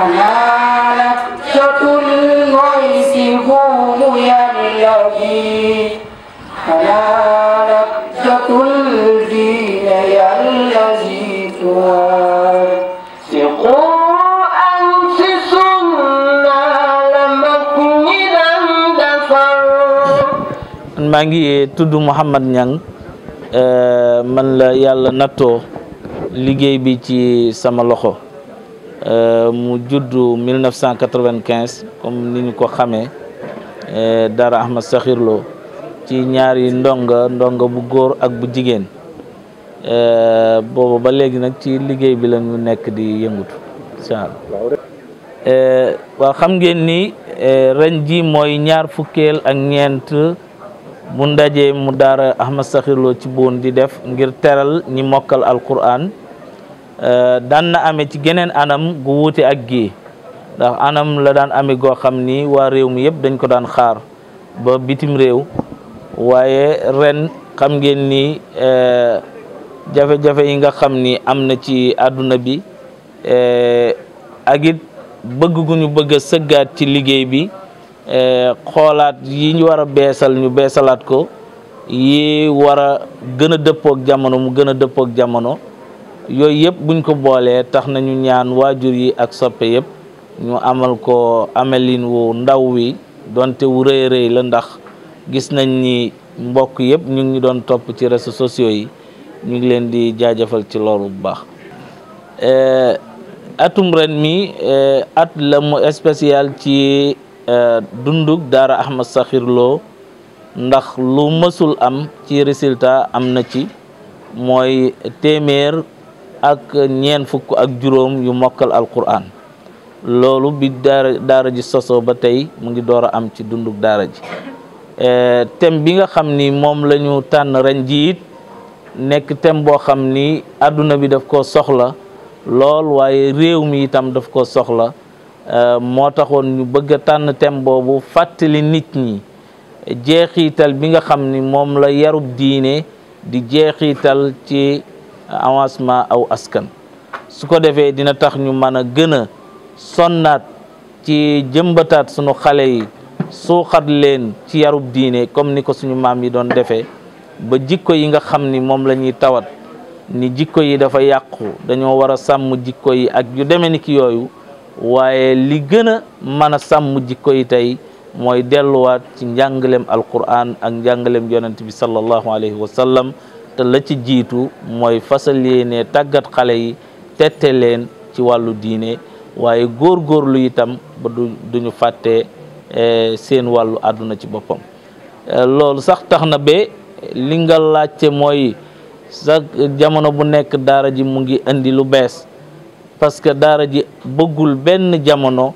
أمانة الغيث هم ينبغي أمانة الدين man la liggéey bi ci sama loxo euh, mu judd 1995 comme ni ñu ko xamee euh, dara Ahmad Sakhir Lo ci ñaari ndonga ndonga bu góor ak bu jigéen euh, boobu ba léegi nag ci liggéey bi lañu nekk di yëngutu incha xam ngeen ni ren ji mooy ñaar fukkeel ak ñeent bu ndaje mu Daara Ahmad Sakhir Lo ci boon di def ngir teral ñi mokkal Alquran Euh, daan na ame ci geneen anam gu wuute ak gii ndax anam la daan amee goo xam ni waa réew mi yëpp dañ ko daan xaar ba bitim réew waaye ren xam ngeen ni euh, jafe-jafe yi nga xam ni am na ci àdduna bi euh, ak it bëgg gu ñu bëgg a sëggaat ci liggéey bi xoolaat yi ñu war a beesal ñu beesalaat ko yi war a gën a dëppook jamono mu gën a dëppook jamono yooyu yëpp buñ ko boolee tax nañu ñaan waajur yi ak soppe yëpp ñu amal ko amelin wu ndaw wi donte wu rëy rëy la ndax gis nañ ni mbokk yëpp ñu ngi doon topp ci réseaux sociaux yi ñu ngi leen di jaajëfal ci loolu bu baax eh, atum ren mi eh, at la mu spécial ci eh, dundug daara Ahmed Sakhir Lo ndax lu mësul am ci résultat am na ci mooy téeméer ak ñeen fukk ak juroom yu mokkal alquran lolu bi daara daara ji soso ba tay mu ngi doora am ci dunduk daara ji e, tem bi nga xamni mom lañu tan rañ jiit ren tem bo xamni aduna bi daf ko soxla lol waye rew mi tam daf ko soxla e, mo taxone ñu bëgg tan tem bobu fatali nit ñi jeexital bi nga xamni ni la yarub diine di jeexital ci avancement aw askan su ko defee dina tax ñu mën a gën a sonnaat ci jëmbataat sunu xale yi suuxat leen ci yarub diine comme ni ko suñu maam yi doon defee ba jikko yi nga xam ni moom la ñuy tawat ni jikko yi dafa yàqu dañoo war a sàmm jikko yi ak yu demee ni ki yooyu waaye li gën a mën a sàmm jikko yi tey mooy delluwaat ci njàngalem alquran ak njàngalem yonent bi sallallahu alayhi wa la ci jiitu mooy fasal yéene tàggat xale yi tete leen ci wàllu diine waaye góor góorlu itam ba du duñu fàtte eh, seen wàllu àdduna ci boppam eh, loolu sax tax na ba li nga laajte mooy sax jamono bu nekk daara ji mu ngi indi lu bees parce que daara ji bëggul benn jamono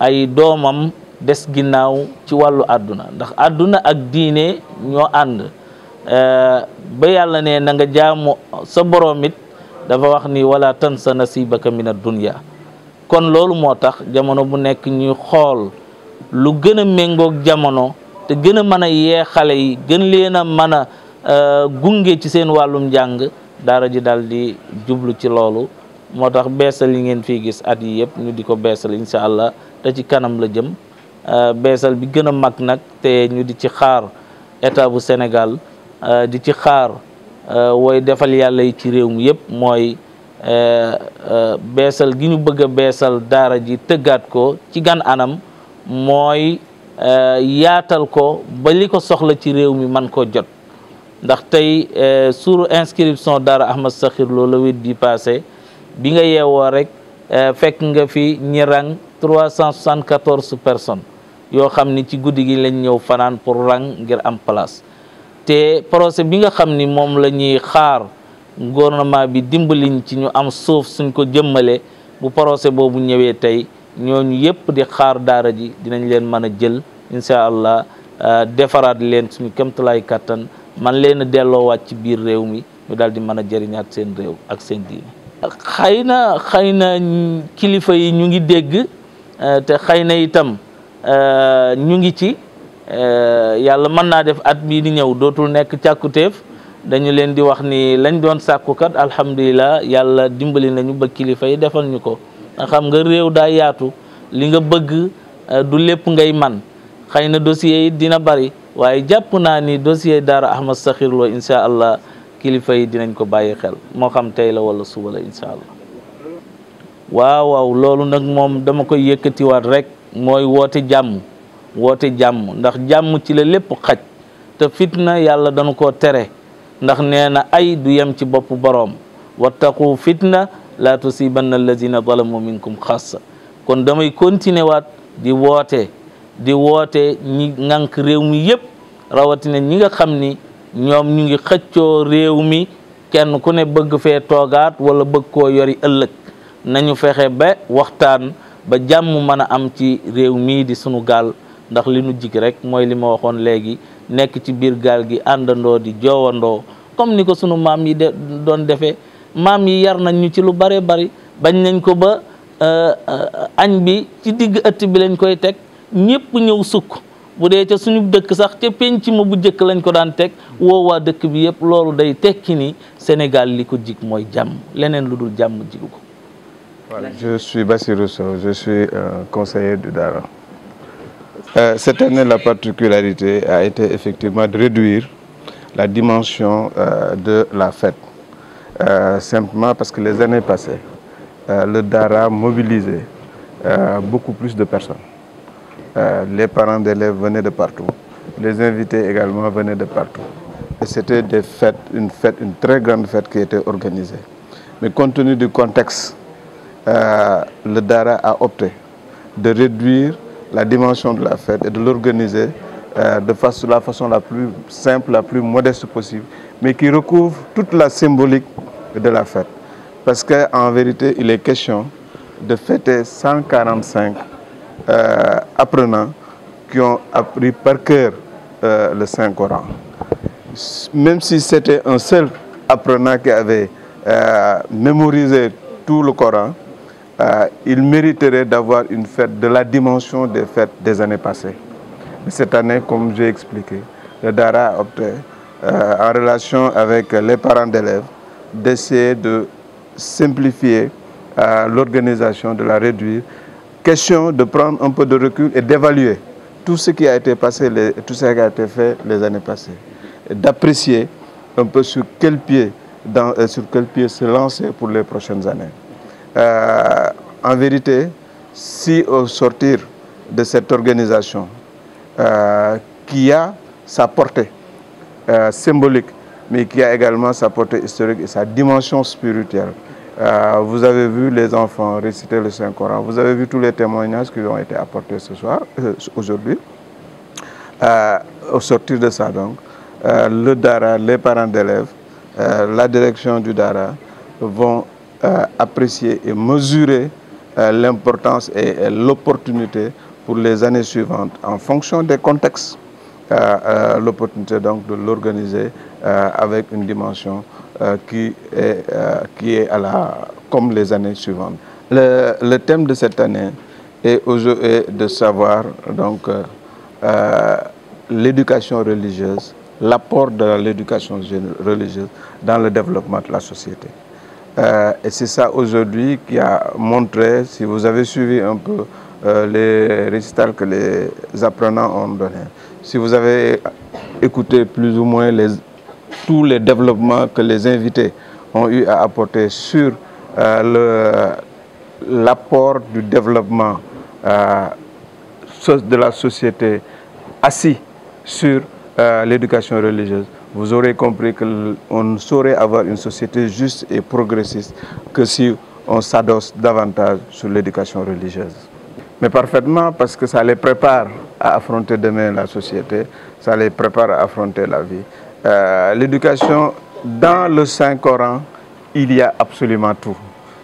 ay doomam des ginnaaw ci wàllu àdduna ndax àdduna ak diine ñoo ànd Eh, ba yàlla ne na nga jaamu sa borom dafa wax ni wala tansa nasibaka min ad-dunya kon loolu moo tax jamono bu nekk ñuy xool lu gën a méngoog jamono te gën a mën a yee xale yi gën leen a mën a eh, gunge ci seen wàllum njàng daara ji dal di jublu ci loolu moo tax beesal yi ngeen fii gis at yi yëpp ñu di ko beesal incha allah te ci kanam la jëm eh, beesal bi gën a mag nag te ñu di ci xaar état bu Sénégal Euh, di ci xaar euh, wooy defal yàlla yi ci réew mi yëpp mooy euh, beesal gi ñu bëgg a beesal daara ji tëggaat ko ci gan anam mooy yaatal ko ba li ko soxla ci réew mi man ko jot ndax tey sur inscription daara Ahmad Sakhir Lo la wet bi passé bi nga yeewoo rek fekk nga fi ñi rang cent soixante-quatorze personnes yoo xam ni ci guddi gi lañ ñëw fanaan pour rang ngir am place te procès bi nga xam ni moom la ñuy xaar gouvernement bi dimbaliñ ci ñu am suuf suñ ko jëmmale bu prosé boobu ñëwee tey ñooñu yépp di xaar daara ji dinañ leen mën a jël incha allah euh, defaraat leen suñu kémtalaay kàttan man leen a delloowaat ci biir réew mi ñu daal di mën a jëriñaat seen réew ak seen diine xëy na kilifa yi ñu ngi dégg euh, te xëy na itam euh, ñu ngi ci Euh, yàlla mën naa def at bii di ñëw dootul nekk càkkutéef dañu leen di wax ni lañ doon sàkkukat alhamdulilah yàlla dimbali nañu ba kilifa yi defal ñu ko xam nga réew daa yaatu li nga bëgg euh, du lépp ngay man xëy na dossier yi dina bari waaye jàpp naa ni dossier Daara Ahmed Sakhir Lo incha allah kilifa yi dinañ ko bàyyi xel moo xam tey la wala suba la incha allah waaw waaw loolu nag moom dama koy yëkkatiwaat rek mooy woote jàmm. woote jàmm ndax jàmm ci la lépp xaj te fitna yàlla dañu ko tere ndax nee na ay du yem ci bopp boroom wattaqu fitna la tusibanna allazina zalamu minkum xassa kon damay continuer waat di woote di woote ñi ŋànk réew mi yépp rawatina ñi nga xam ni ñoom ñu ngi xëccoo réew mi kenn ku ne bëgg fee toogaat wala bëgg koo yori ëllëg nañu fexe ba waxtaan ba jàmm mën a am ci réew mii di sunu gaal ndax li nu jik rek mooy li ma waxoon léegi nekk ci biir gaal gi àndandoo di joowandoo comme ni ko sunu maam yi de doon defee maam yi yar nañ ñu ci lu bare bari bañ nañ ko ba euh, euh, añ bi ci digg ëtt bi lañ koy teg ñëpp ñëw sukk bu dee ca suñu dëkk sax ca penc bu jëkk lañ ko daan teg woowaa dëkk bi yëpp loolu day tekki ni Sénégal li ko jig mooy jàmm leneen lu dul jàmm jigu ko. Voilà, je du Dara. Euh, cette année, la particularité a été effectivement de réduire la dimension euh, de la fête. Euh, simplement parce que les années passées, le DARA mobilisait beaucoup plus de personnes. les parents d'élèves venaient de partout. Les invités également venaient de partout. C'était des fêtes, une fête, une très grande fête qui était organisée. Mais compte tenu du contexte, le DARA a opté de réduire la dimension de la fête et de l'organiser euh, de la façon la plus simple, la plus modeste possible, mais qui recouvre toute la symbolique de la fête. Parce qu'en vérité, il est question de fêter 145 euh, apprenants qui ont appris par cœur euh, le Saint-Coran. Même si c'était un seul apprenant qui avait mémorisé tout le Coran, euh, il mériterait d'avoir une fête de la dimension des fêtes des années passées. Cette année, comme j'ai expliqué, le DARA a opté, euh, en relation avec les parents d'élèves, d'essayer de simplifier euh, l'organisation, de la réduire. Question de prendre un peu de recul et d'évaluer tout ce qui a été passé, tout ce qui a été fait les années passées. D'apprécier un peu sur quel pied, dans, sur quel pied se lancer pour les prochaines années. Euh, en vérité, si au sortir de cette organisation euh, qui a sa portée euh, symbolique, mais qui a également sa portée historique et sa dimension spirituelle, vous avez vu les enfants réciter le Saint-Coran, vous avez vu tous les témoignages qui ont été apportés ce soir, aujourd'hui. au sortir de ça, donc, le DARA, les parents d'élèves, la direction du DARA vont euh, apprécier et mesurer euh, l'importance et, l'opportunité pour les années suivantes en fonction des contextes. Euh, l'opportunité donc de l'organiser avec une dimension qui, est, qui est à la, comme les années suivantes. Le, thème de cette année est, de savoir donc l'éducation religieuse, l'apport de l'éducation religieuse dans le développement de la société. Euh, et c'est ça aujourd'hui qui a montré, si vous avez suivi un peu euh, les résultats que les apprenants ont donné, si vous avez écouté plus ou moins tous les développements que les invités ont eu à apporter sur euh, l'apport du développement de la société assis sur l'éducation religieuse, vous aurez compris qu'on ne saurait avoir une société juste et progressiste que si on s'adosse davantage sur l'éducation religieuse. Mais parfaitement parce que ça les prépare à affronter demain la société, ça les prépare à affronter la vie. Euh, l'éducation, dans le Saint-Coran, il y a absolument tout.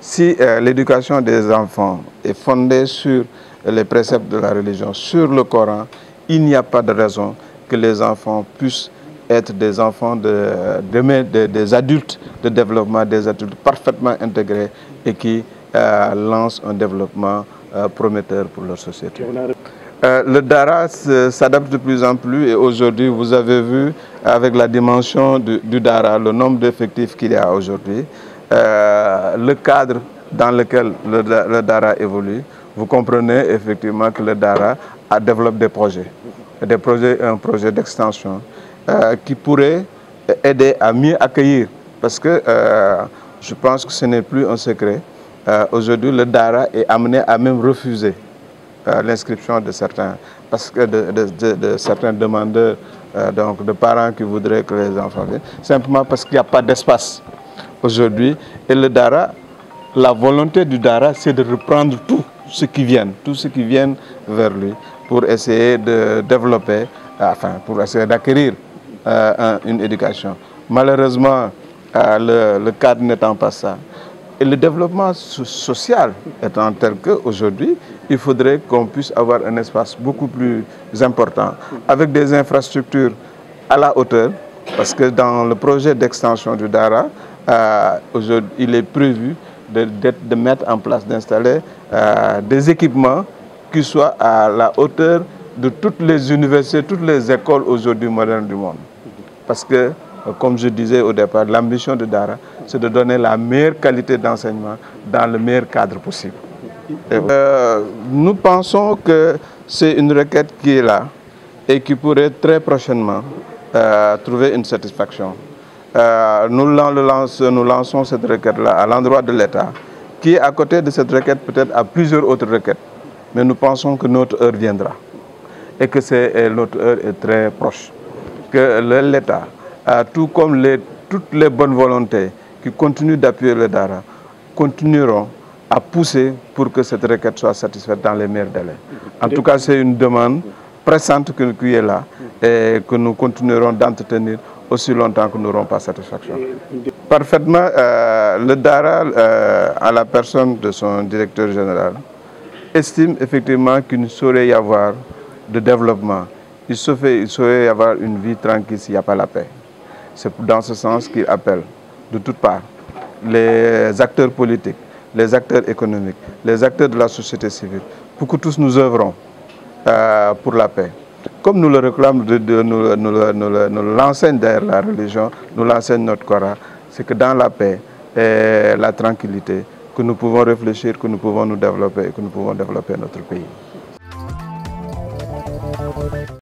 Si euh, l'éducation des enfants est fondée sur les préceptes de la religion, sur le Coran, il n'y a pas de raison que les enfants puissent être des enfants, de, des adultes de développement, des adultes parfaitement intégrés et qui euh, lancent un développement euh, prometteur pour leur société. Euh, le DARA s'adapte de plus en plus et aujourd'hui, vous avez vu avec la dimension du, DARA, le nombre d'effectifs qu'il y a aujourd'hui, euh, le cadre dans lequel le, DARA évolue, vous comprenez effectivement que le DARA développe des projets. Des projets, un projet d'extension, euh, qui pourrait aider à mieux accueillir. Parce que euh, je pense que ce n'est plus un secret. Euh, aujourd'hui, le DARA est amené à même refuser l'inscription de certains, parce que de, certains demandeurs, donc de parents qui voudraient que les enfants viennent, simplement parce qu'il n'y a pas d'espace aujourd'hui. Et le Dara, la volonté du Dara, c'est de reprendre tout ce qui vient, tout ce qui vient vers lui, pour essayer de développer, enfin, pour essayer d'acquérir euh, une éducation. Malheureusement, euh, le, cadre n'étant pas ça. Et le développement social étant tel qu'aujourd'hui, il faudrait qu'on puisse avoir un espace beaucoup plus important, avec des infrastructures à la hauteur, parce que dans le projet d'extension du DARA, euh, il est prévu de, mettre en place, d'installer des équipements qui soient à la hauteur de toutes les universités, toutes les écoles aujourd'hui modernes du monde. Parce que, euh, comme je disais au départ, l'ambition de Dara, c'est de donner la meilleure qualité d'enseignement dans le meilleur cadre possible. Euh, nous pensons que c'est une requête qui est là et qui pourrait très prochainement euh, trouver une satisfaction. nous, lançons, nous lançons cette requête-là à l'endroit de l'État, qui à côté de cette requête peut-être a plusieurs autres requêtes. Mais nous pensons que notre heure viendra et que notre heure est très proche que l'État, tout comme les, toutes les bonnes volontés qui continuent d'appuyer le DARA, continueront à pousser pour que cette requête soit satisfaite dans les meilleurs délais. En tout cas, c'est une demande pressante qui est là et que nous continuerons d'entretenir aussi longtemps que nous n'aurons pas satisfaction. Parfaitement, euh, le DARA, euh, à la personne de son directeur général, estime effectivement qu'il ne saurait y avoir de développement il se il souhaite avoir une vie tranquille s'il n'y a pas la paix. C'est dans ce sens qu'il appelle de toutes parts les acteurs politiques, les acteurs économiques, les acteurs de la société civile, pour que tous nous œuvrons euh, pour la paix. Comme nous le réclame, de, nous, nous, nous, derrière la religion, nous l'enseigne notre Coran, c'est que dans la paix et la tranquillité, que nous pouvons réfléchir, que nous pouvons nous développer et que nous pouvons développer notre pays.